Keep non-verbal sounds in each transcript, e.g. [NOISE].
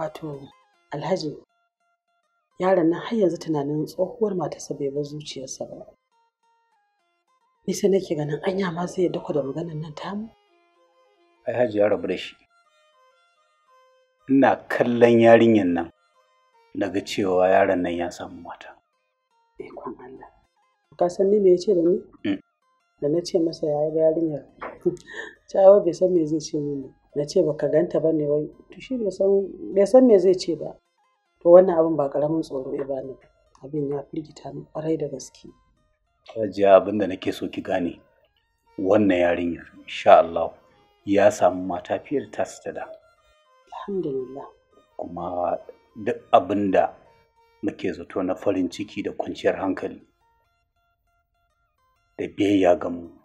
wato alhaji yaron nan har yanzu tunanin tsohuwar matarsa bai bar zuciyarsa ba ni sai nake ganin anya ma zai yadda da maganar nan tamu ai haji ya rabu da shi ina kallon yarinyar nan daga cewa yaron nan ya samu mata ikon Allah ka san ni me yace da ni mm. da na ce masa ya yi yarinyar cewa [LAUGHS] bai san me zai ce mini na ce baka ganta ba ne wai to shi bai san me zai ce ba to wannan abin ba karamin tsoro ya bani abin ya firgita ni kwarai da gaske Hajiya abin da nake so ki gane wannan yarinyar insha Allah ya samu mata fiye da ta da alhamdulillah kuma duk abin da muke zato na farin ciki da kwanciyar hankali da biyayya ga mu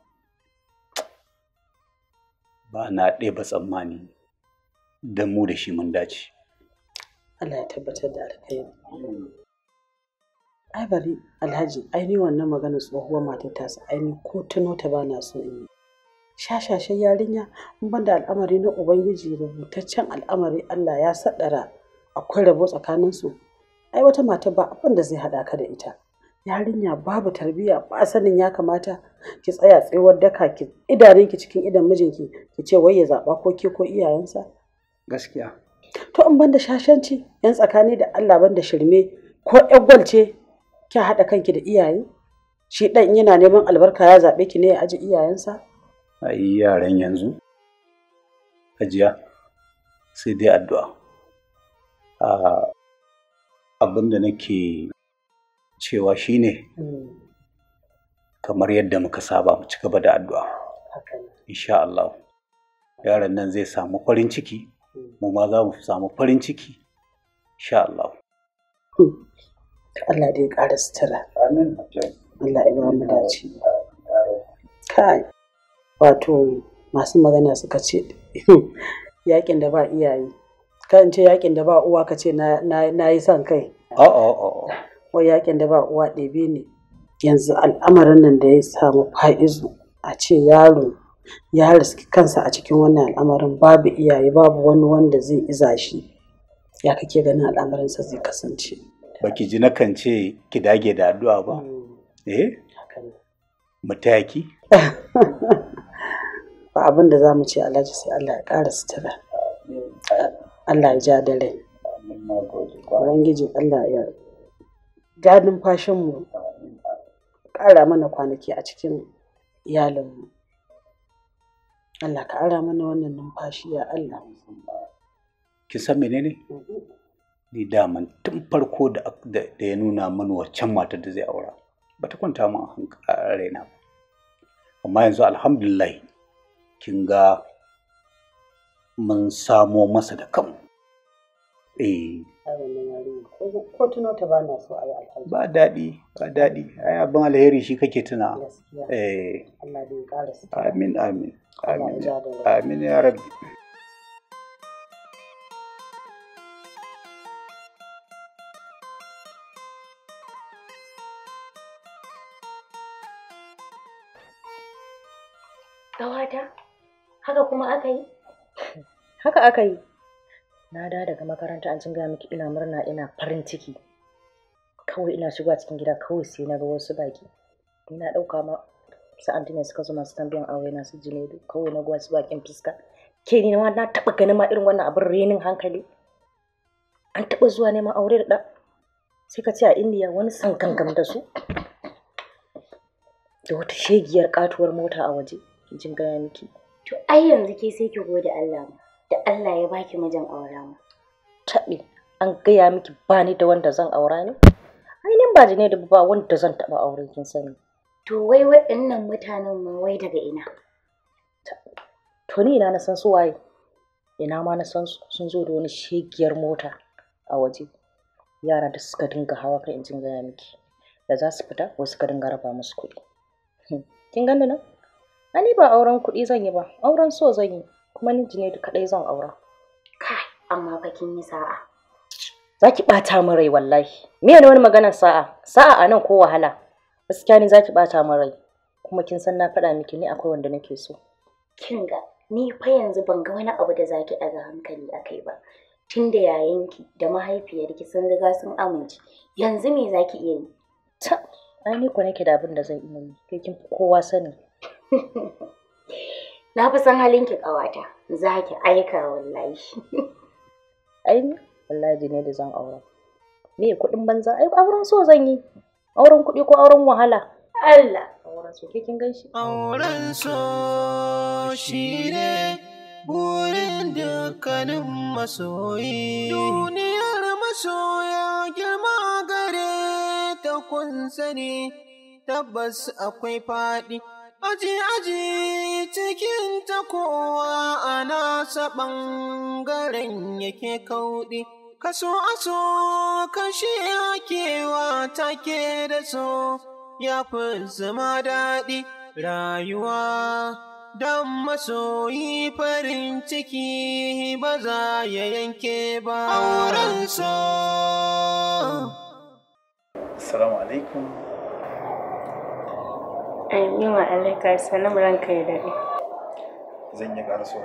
ba na ɗaya ba tsammani don mu da shi mun dace Allah ya tabbatar da alkhairi ai bari alhaji ai ni wannan magana tsohuwar matar ta su ai ni ko tuno ta ba na so in yi Shashashen yarinya in banda al'amari na ubangiji rubutaccen al'amari Allah ya saɗara akwai rabo tsakaninsu ai wata mata ba abin zai haɗa ka da ita yarinya babu tarbiyya ba sanin ya kamata ki tsaya tsayuwar daka ki idanunki cikin idan mijinki ki ce wai ya zaba ko ke ko iyayensa gaskiya to in banda shashanci yan tsakani da Allah banda shirme ko ƴan ce ki haɗa kanki da iyaye shi ɗan yana neman albarka ya zaɓe ki ne ya aji iyayensa ai yaran yanzu ajiya sai dai addu'a ah, abin da nake cewa shi ne hmm. kamar yadda muka saba mu ci gaba da addu'a insha Allah yaron nan zai samu farin ciki hmm. mu ma za mu samu farin ciki insha Allah hmm. Allah dai ƙara sutura amin Allah ya ba mu dace kai wato masu magana suka ce yakin da ba iyaye kan ce yakin da ba uwa ka ce na yi son kai a'a oh, oh, oh, ko yakin da ba uwa ɗebe ne yanzu al'amarin nan da ya samu fa'izu a ce yaro ya riski kansa a cikin wannan al'amarin babu iyaye babu wani wanda zai iza shi ya kake ganin al'amarinsa zai kasance baki ji na kan ce ki dage da addu'a ba hmm. eh mataki [LAUGHS] ba abin da za mu ce alhaji sai Allah ya ƙara sutura Allah ya ja da rai Allah ya Ga numfashinmu ƙara mana kwanaki a cikin iyalinmu Allah ka ara mana wannan numfashi ya Allah ki san menene ni daman tun farko da ya nuna mana waccan matar da zai aura ba ta kwanta mu a raina ba amma yanzu alhamdulillah kin ga mun samo masa da kanmu eh ko tuno ta ba na so a yi alhaji ba daɗi ba daɗi ai abin alheri shi kake tuna eh amin amin amin amin ya rabbi Gawata, haka kuma aka yi? Haka aka yi. na da daga makaranta an gaya miki ina murna ina farin ciki kawai ina shiga cikin gida kawai sai na ga wasu baki ina ɗauka ma sa'anti ne suka zo masu tambayan aure na su jine kawai na ga wasu bakin fuska ke ni na taɓa ganin ma irin wannan abin renin hankali an taɓa zuwa neman aure da sai ka ce a indiya wani sankankam da su da wata shegiyar katuwar mota a waje jin gaya miki to ai yanzu ke sai ki gode Allah ma da Allah ya baki mijin aure mu taɓe an gaya miki ba ni da wanda zan aura ne ainihin ba ne da ba wanda zan taɓa aure kin sani to wai waɗannan mutanen ma wai daga ina to ni ina na san su waye ina ma na san su sun zo da wani shegiyar mota a waje yara da suka dinga hawa in injin gaya miki da za su fita ko suka dinga raba musu kuɗi hm, kin gani nan ani ba auren kuɗi zan yi ba auren so zan yi kuma namiji ne kaɗai zan aura kai amma fa kin yi sa'a zaki ɓata min rai wallahi me ne wani maganar sa'a sa'a a nan ko wahala gaskiya ne zaki bata min rai kuma kin san na faɗa miki ni akwai wanda nake so kin ga ni fa yanzu ban ga wani abu da zaki ɗaga hankali akai ba tun da yayanki da mahaifiyarki sun riga sun amince yanzu me zaki iya yi ta ai ni ku nake da abin da zan iya yi kai kin kowa sani [LAUGHS] Na fi san halin ki ƙawata, za ki aika wallahi. [LAUGHS] Ai ne? wallahi ne da zan aura. Me kuɗin banza? Ai auren so zan yi. Auren kuɗi ko auren wahala? Allah, auren so ke kin ganshi. Auren so shi ne burin dukkanin masoyi. Duniyar masoya girma gare ta kun sani tabbas akwai faɗi. Aji aji cikin ta kowa a nasa ɓangaren yake kauɗi, kaso aso kashi yakewa take da so, ya fi zama daɗi rayuwa. Don masoyi farin ciki ba za ya yanke ba auren so. Amin wa alaika salam ranka ya daɗe. Zan yi ƙarso.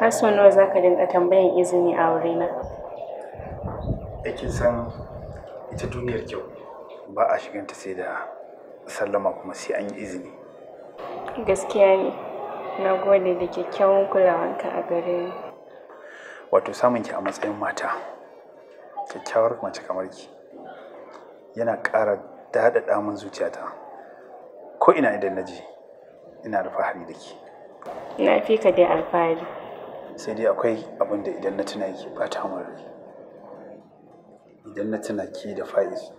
Har sau nawa za ka dinga tambayan izini a wurina? Aikin eh, san ita duniyar kyau ba a shiganta sai da sallama kuma sai an yi izini. Gaskiya ne, na gode da kyakkyawan kulawanka a gare ni. Wato samun ki a matsayin mata, kyakkyawar mace kamar ki yana ƙara ta haɗa damun zuciyata ko ina idan na ji, ina alfahari da ke na fi ka dai alfahari sai dai akwai abin da idan na tuna ke bata min rai idan na tuna ke da faiz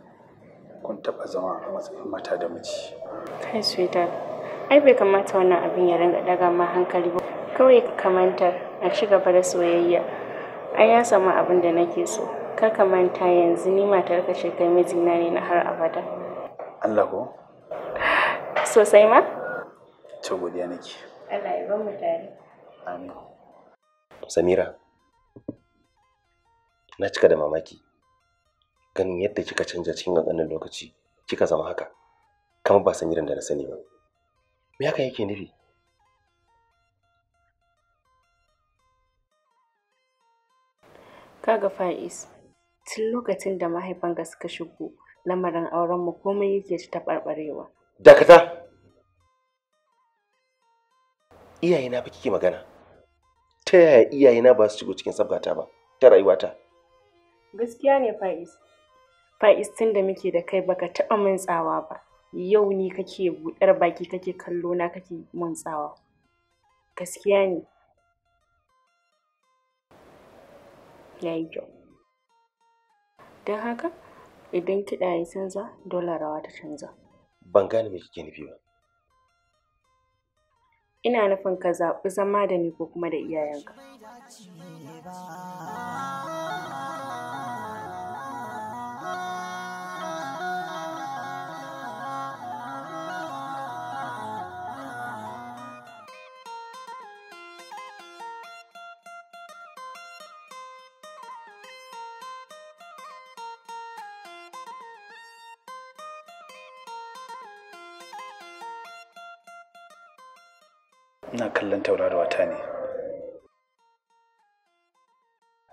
kun taɓa zama a matsayin mata da miji kai sweetheart ai bai kamata wannan abin ya ringa daga ma hankali ba kawai ka kamanta a ci gaba da soyayya ai ya samu abin da nake so kar ka manta yanzu ni matar ka ce kai mijina ne na har abada Allah ko sosai ma to godiya nake Allah ya bamu tare amin Samira na cika da mamaki ganin yadda kika canja cikin ƙanƙanin lokaci kika zama haka kamar ba Samiran da na sani ba me haka yake nufi kaga fa'is tun lokacin da mahaifanka suka shigo lamarin aurenmu komai yake ta barbarewa. Dakata! Iyayena fa kike magana. Ta yaya iyayena ba su shigo cikin sabgata ba, ta rayuwata? Gaskiya ne Faiz. Faiz tun da muke da kai baka taɓa min ba. Yau ni kake buɗar baki kake kallo na kake min Gaskiya ne. Ya yi kyau. don haka idan kiɗa ya canza dole rawa ta canza ban gane me kike nufi ba ina nufin ka zaɓi zama da ni ko kuma da iyayenka ina kallon taurarawa ta ne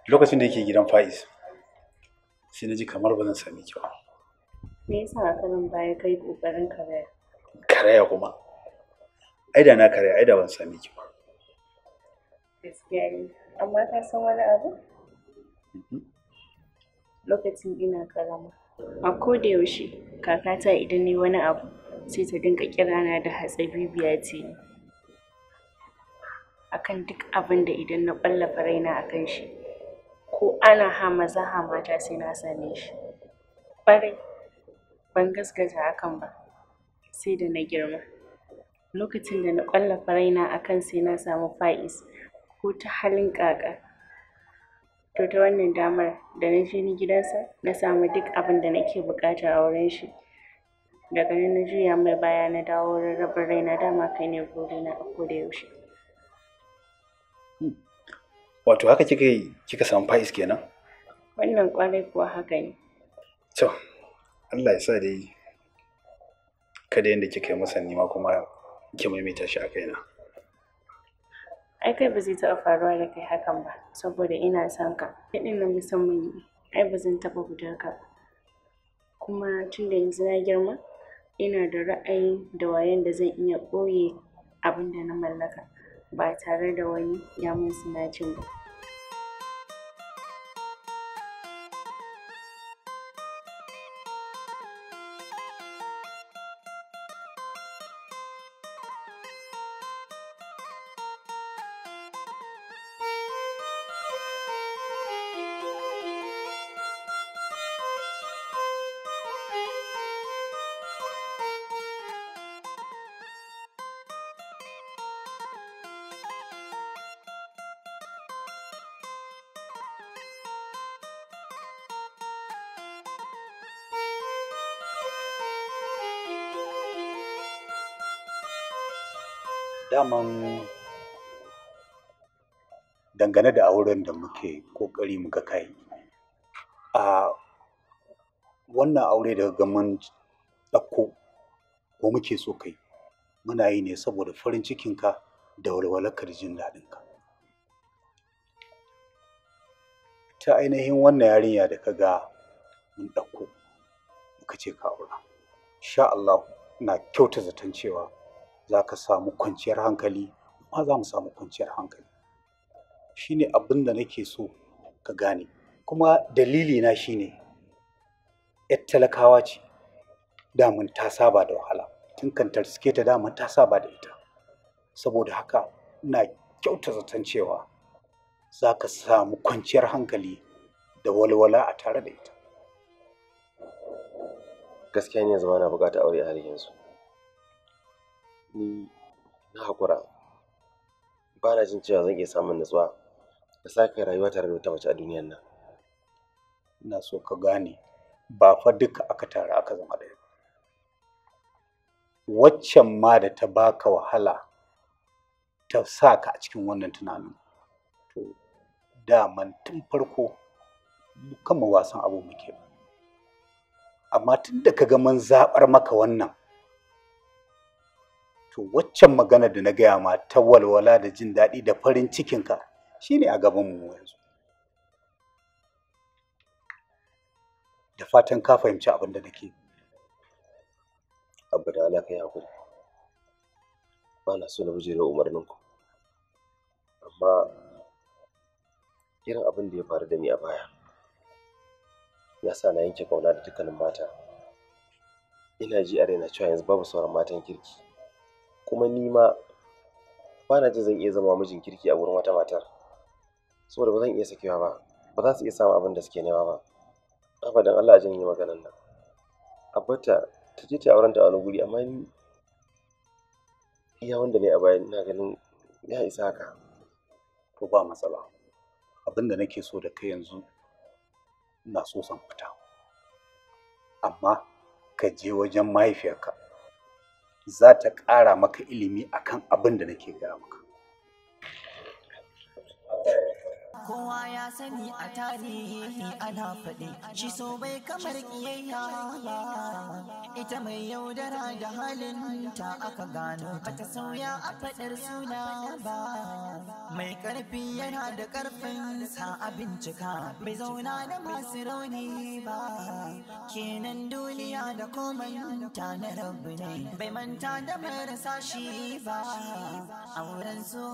lokacin da yake gidan fa'iz sai na ji kamar ba zan sami kyau. me yasa ka nan baya kai kokarin karaya karaya kuma Aida na karaya aida ban sami kyau. gaskiya ne amma ka san wani abu mm-hmm. lokacin ina karama a ko da yaushe kakata idan ne wani abu sai ta dinga kirana da hatsabibiya ce akan duk abin da idan na ƙwallafa raina a kan shi ko ana hamaza mata sai na same shi ƙwarai ban gaskata akan ba sai da na girma lokacin da na ƙwallafa raina a kan sai na samu fa'is ko ta halin ƙaƙa to ta wannan damar da na je ni gidansa na samu duk abin da nake buƙata a wurin shi daga nan na juya mai baya na dawo rabin raina dama kai ne burina a koda yaushe Wato haka kika yi kika samu fais kenan? Wannan kwarai kuwa haka ne. To, Allah ya sa dai kada yadda kika yi masa nima kuma ki maimaita shi a kaina. Ai kai ba zai taɓa faruwa da kai hakan ba, saboda ina son ka. Kaɗin na musamman ne, ai ba zan taɓa gudar ka Kuma tun da yanzu na girma, ina da ra'ayi da wayan da zan iya ɓoye abinda na mallaka. ba tare da wani damun sinacin ba daman dangane da auren da muke kokari muka kai a wannan aure da ga mun ɗauko ko muke so kai muna yi ne saboda farin cikinka da walwalar jin daɗinka ta ainihin wannan yarinya da ka ga mun ɗauko muka ce ka aura sha Allah na kyauta zaton cewa za ka samu kwanciyar hankali ma za mu samu kwanciyar hankali shine abin da nake so ka gane kuma dalili na shine yar talakawa ce damun ta saba da wahala tun kantar suke ta damun ta saba da ita saboda haka ina kyauta zaton cewa za ka samu kwanciyar hankali da walwala a tare da ita gaskiya ne zama na bukata aure a halin yanzu ni na haƙura ba na jin cewa zan iya samun natsuwa da sake rayuwa tare da wata mace a duniyan nan ina so ka gane ba fa duka aka tara aka zama ɗaya waccan ma da ta baka wahala ta sa ka a cikin wannan tunanin to daman tun farko kama wasan abu muke ba amma tun da ka ga mun zaɓar maka wannan to waccan magana da na gaya ma ta walwala da jin daɗi da farin cikinka shine a gabanmu yanzu da fatan ka fahimci abin da nake abu da ala kai hakuri ba na so na buje da umarninku amma irin abin da ya faru da ni a baya ya sa na yanke kauna da dukkanin mata ina ji a raina cewa yanzu babu sauran matan kirki kuma ni ma ba na jin zan iya zama mijin kirki a wurin wata matar saboda ba zan iya sakewa ba ba za su iya samun abin da suke nema ba abadan Allah jin yi maganan nan abata ta je ta auren ta a wani guri amma ni iya wanda ne a bayan na ganin ya isa haka to ba matsala abin da nake so da kai yanzu ina so san fita amma ka je wajen mahaifiyarka za ta ƙara maka ilimi akan abin da nake gaya maka kowa ya sani a tarihi ana faɗi shi so bai kamar kiyayya ita mai yaudara da halin ta aka gano bata sauya a faɗar suna ba mai ƙarfi yana da ƙarfin sa a bincika bai zauna da masu rauni ba kenan duniya da komai ta na rabu ne bai manta da marasa shi ba auren so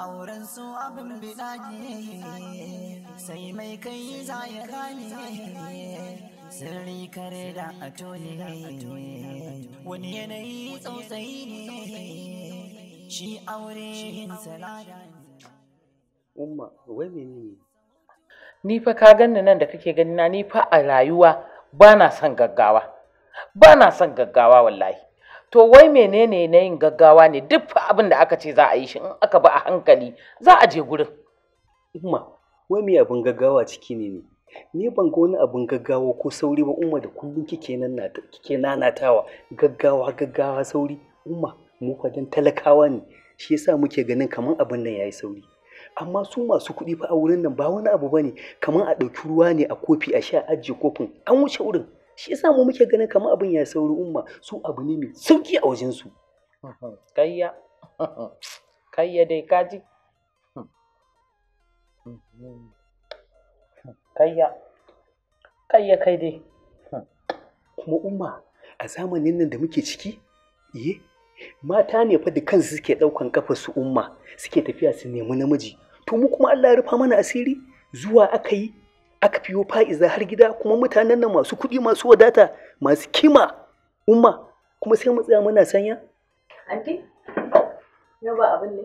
auren su abin bida ne sai mai kai za ya gane sirri kare da ato ne wani yanayi tsautsayi ne shi aure yin salada umma wai ne ni fa ka ganni nan da kake gani na ni fa a rayuwa ba na son gaggawa ba na son gaggawa wallahi to wai menene na yin gaggawa ne duk abin da aka ce za a yi shi in aka ba a hankali za a je gurin umma wai me abin gaggawa ciki ne ne ni ban ga wani abin gaggawa ko sauri ba umma da kullun kike nan na kike nanatawa gaggawa gaggawa sauri umma mu fa dan talakawa ne shi yasa muke ganin kamar abin nan yayi sauri amma su masu kuɗi fa a wurin nan ba wani abu bane kaman a ɗauki ruwa ne a kofi a sha ajiye kofin an wuce wurin shi yasa mu muke ganin kamar abin ya sauri umma su abu ne mai sauki a wajen su [LAUGHS] kayya [LAUGHS] kayya dai kaji [LAUGHS] kayya kayya kai dai kuma umma a zamanin nan da muke ciki iye eh, mata ne fa da kansu suke daukan kafar su umma suke tafiya su nemi namiji to mu kuma Allah ya rufa mana asiri zuwa aka yi aka fiyo fa'iza har gida kuma mutanen nan masu kuɗi masu wadata masu kima umma kuma sai mu tsaya muna sanya anti yau ba abin ne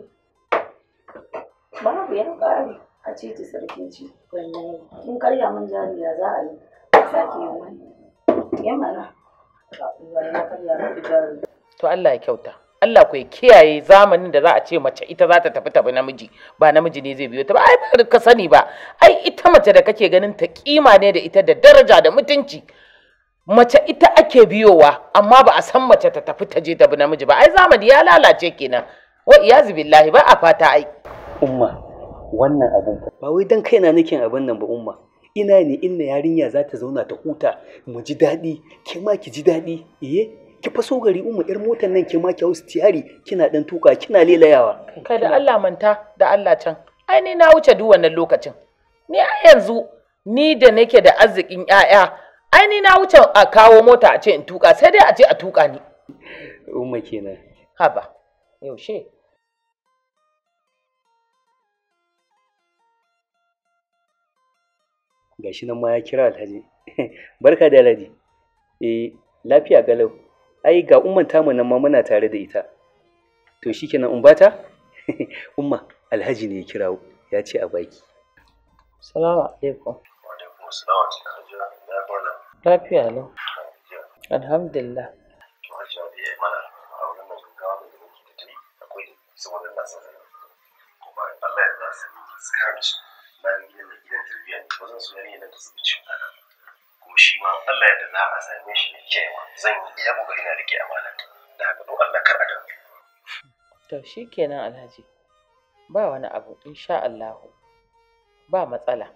babu ya kare a ce ta sarki ce wallahi In karya min jariya za a yi sake yi wani yamma na wallahi karya min jariya to Allah ya kyauta Allah ku kiyaye zamanin da za a ce mace ita za ta tafi tafi namiji ba namiji ne zai biyo ta ba ai ba ka sani ba ai ita mace da kake ganin ta kima ne da ita da daraja da mutunci mace ita ake biyowa amma ba a san mace ta tafi ta je ta bi namiji ba ai zamani ya lalace kenan wa iyazu billahi ba a fata ai umma wannan abun ba wai dan kaina nake abin nan ba umma ina ne inna yarinya za ta zauna ta huta mu ji daɗi ke ma ki ji daɗi iye ki faso gari umu yar motar nan ke ma ki tiyari kina dan tuka kina lelayawa kai da Allah manta da Allah can ai ni na wuce duk wannan lokacin ni a yanzu ni da nake da arzikin 'ya'ya! ai ni na wuce a kawo mota a ce in tuka sai dai a ce a tuka ni umma kenan haba yaushe gashi nan ma ya kira alhaji [LAUGHS] barka da alhaji eh lafiya galau ai ga umman tamu nan ma muna tare da ita to shikenan umba ta [LAUGHS] umma alhaji ne ya kirawo ya ce a baki salamu alaikum lafiya alhamdulillah Allah ya bayan gidan gidan tarbiyya, ba su yanayi na ta a shi ma Allah ya za a same shi da cewa zan yi iya kokari na rike amanata da haka don Allah kar a damu to shikenan alhaji ba wani abu insha Allah ba matsala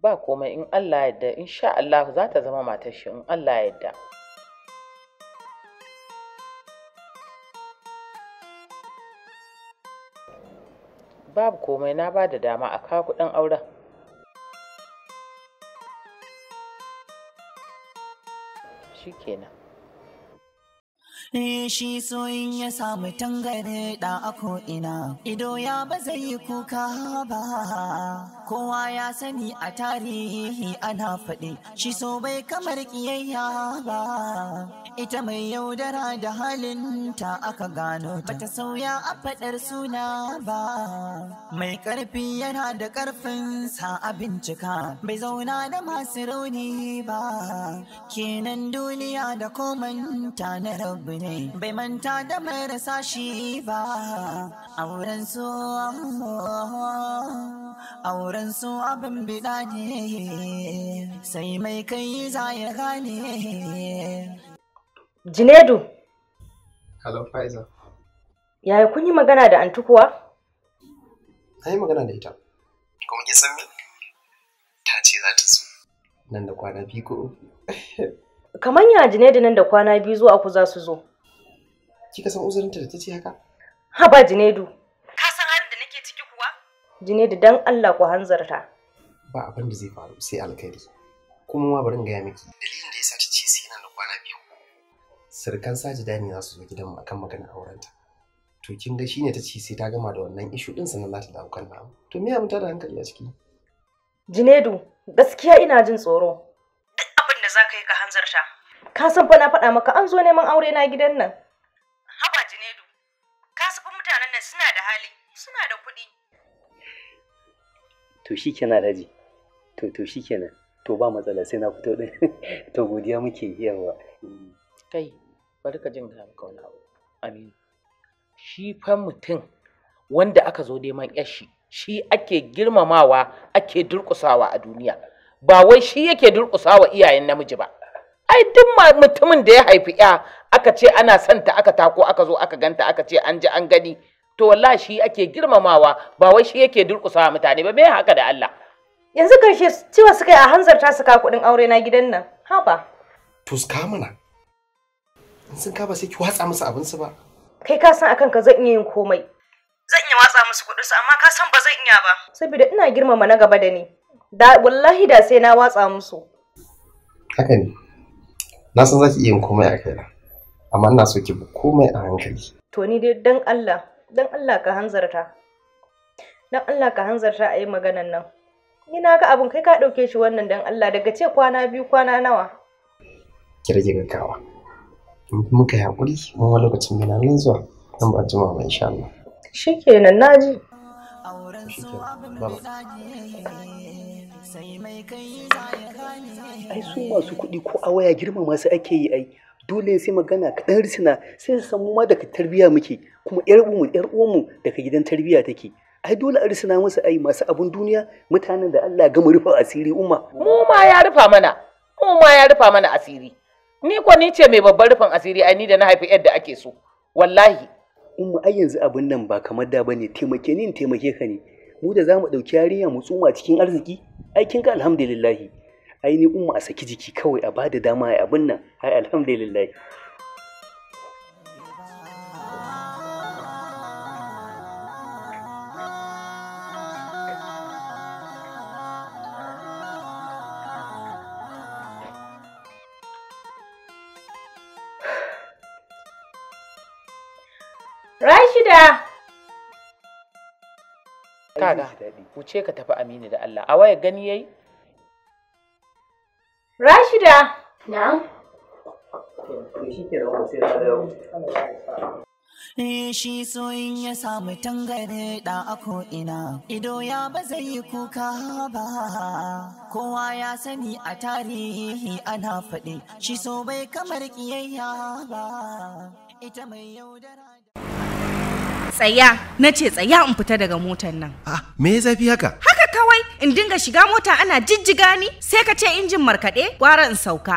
ba komai in Allah ya yarda insha Allah za ta zama matar shi in Allah ya yarda babu komai na ba da dama a kawo kuɗin auren shi kenan eh, shi soyin ya samu tangare da ako ina ido ya ba zai yi kuka ba kowa ya sani a tarihi ana faɗi shi so bai kamar kiyayya ba ita mai yaudara da halinta aka gano ta ta sauya a faɗar suna ba mai ƙarfi yana da ƙarfin sa a bincika bai zauna da masu rauni ba kenan duniya da komanta na rabu ne bai manta da marasa shi ba auren su auren so abin bida ne sai mai kai za ya gane. Jinedu. Hello, Faiza. Yaya kun yi magana da antukuwa? A An yi magana da ita. Kuma ke san me? Ta ce za ta zo. Nan da kwana biyu ko [LAUGHS] Kamar ya Jinedu nan da kwana biyu zuwa ku za su zo. Kika san uzurinta da ta ce haka? Haba Jinedu, da dan Allah ku hanzarta. Ba abin da zai faru sai alkhairi. Kuma ma bari in gaya miki. Dalilin da ya sa ta ce sai yana da kwana biyu. Sirkan Saji dani za su zo gidanmu akan maganar aurenta. To kin ga shine ta ce sai ta gama da wannan ishu din sannan za ta dawo kan namu. To me ya mutar da hankali a ciki? Jinedu, gaskiya ina jin tsoro. Duk abin da za yi ka hanzarta. Ka san fa na faɗa maka an zo neman aure na gidan nan. Haba Jinedu, ka mutanen nan suna da hali, suna da kuɗi, to shi kenan alhaji to to shi kenan to ba matsala sai na fito din [LAUGHS] to godiya muke yawa kai bari ka jin gaba ka wani abu aminu shi fa mutum wanda aka zo neman yashi shi ake girmamawa ake durƙusawa a duniya ba wai shi yake durƙusawa iyayen namiji ba ai duk mutumin da ya haifi ya aka ce ana santa aka tako aka zo aka ganta aka ce an ji an gani to wallahi shi ake girmamawa ba wai shi yake durkusa mutane ba me haka da Allah yanzu karshe cewa suka yi a hanzarta ta suka kuɗin aure na gidan nan ba to suka mana in sun ka ba sai ki watsa musu abin su ba kai ka san akan ka zan iya yin komai zan iya watsa musu kuɗin su amma ka san ba zan iya ba saboda ina girmama na gaba da ni da wallahi da sai na watsa musu haka ne na san zaki iya yin komai a kaina amma ina so ki bi komai a hankali to ni dai dan Allah don Allah ka hanzarta don Allah ka hanzarta a yi maganan nan ni na ga abin kai ka ɗauke shi wannan don Allah daga ce kwana biyu kwana nawa ki rage gaggawa in kuma ka mun wani lokacin yana nan zuwa nan ba jima ba insha Allah shikenan naji ai su masu kuɗi ko a waya girmama su ake yi ai dole sai magana kaɗan dan risina sai su samu ma daga tarbiyya muke kuma yar uwanmu yar uwanmu daga gidan tarbiyya take ai dole a risina musu ai masu abun duniya mutanen da Allah gama rufa asiri umma mu ma ya rufa mana mu ma ya rufa mana asiri ni ko ni ce mai babban rufin asiri ai ni da na haifi yadda ake so wallahi umma ai yanzu abun nan ba kamar da bane taimake ni taimake ka ne mu da zamu dauki yarinya mu tsuma cikin arziki ai kin ga alhamdulillah ai ni umma a saki jiki kawai a bada dama ya abin nan ai alhamdulillah Rashida! Kaga, wuce ka tafi Aminu da Allah, a waya gani yayi? Shi Shisoyin ya samu tangare da a ko'ina, ido ya ba zai yi kuka ba. Kowa ya sani a tarihi ana faɗi, shi so bai kamar kiyayya ba. Ita mai yaudara Tsaya, na ce tsaya in fita daga motar nan. Ah, me ya zafi haka? Haka kawai, in dinga shiga mota ana jijjiga ni, sai ka ce injin markaɗe, gwara in sauka.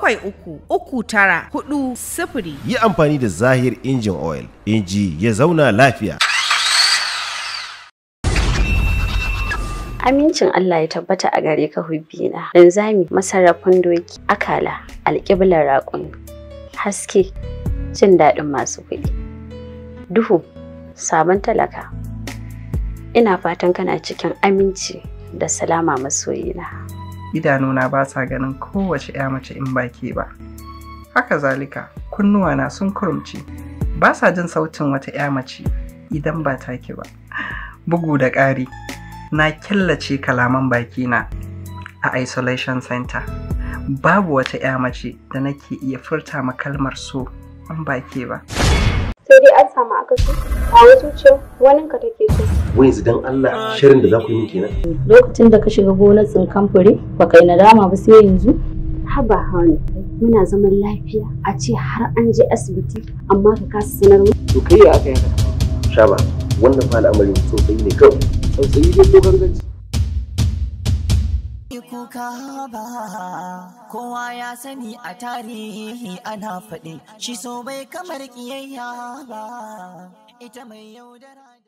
bakwai uku uku tara hudu sifiri. Yi amfani da Zahir injin oil, inji ya zauna lafiya. Amincin Allah ya tabbata a gare ka hubbina, linzami masarrafin doki, akala, alƙiblar raƙon, haske, cin daɗin masu kuɗi. Duhu, sabon talaka. Ina fatan kana cikin aminci da salama masoyina. idanuna ba sa ganin kowace 'ya mace in baki ba haka zalika kunnuwana sun kurumci. ba sa jin sautin wata 'ya mace idan ba ta take ba bugu da ƙari na killace kalaman bakina a isolation center babu wata 'ya mace da nake iya furta ma kalmar so an ke ba. dai an samu akasi a wasu ce wani ka take so wai yanzu dan Allah shirin da za ku yi kenan lokacin da ka shiga gonar tsinkan fure ba kai nadama ba sai yanzu haba hani muna zaman lafiya a ce har an je asibiti amma ka kasa sanar mu to kai ya aka yi shaba wannan fa al'amarin sosai ne kawai sosai ne ko ganganci kuka ba kowa ya sani a tarihi ana faɗi shi so bai kamar ƙiyayya ba ita mai yaudara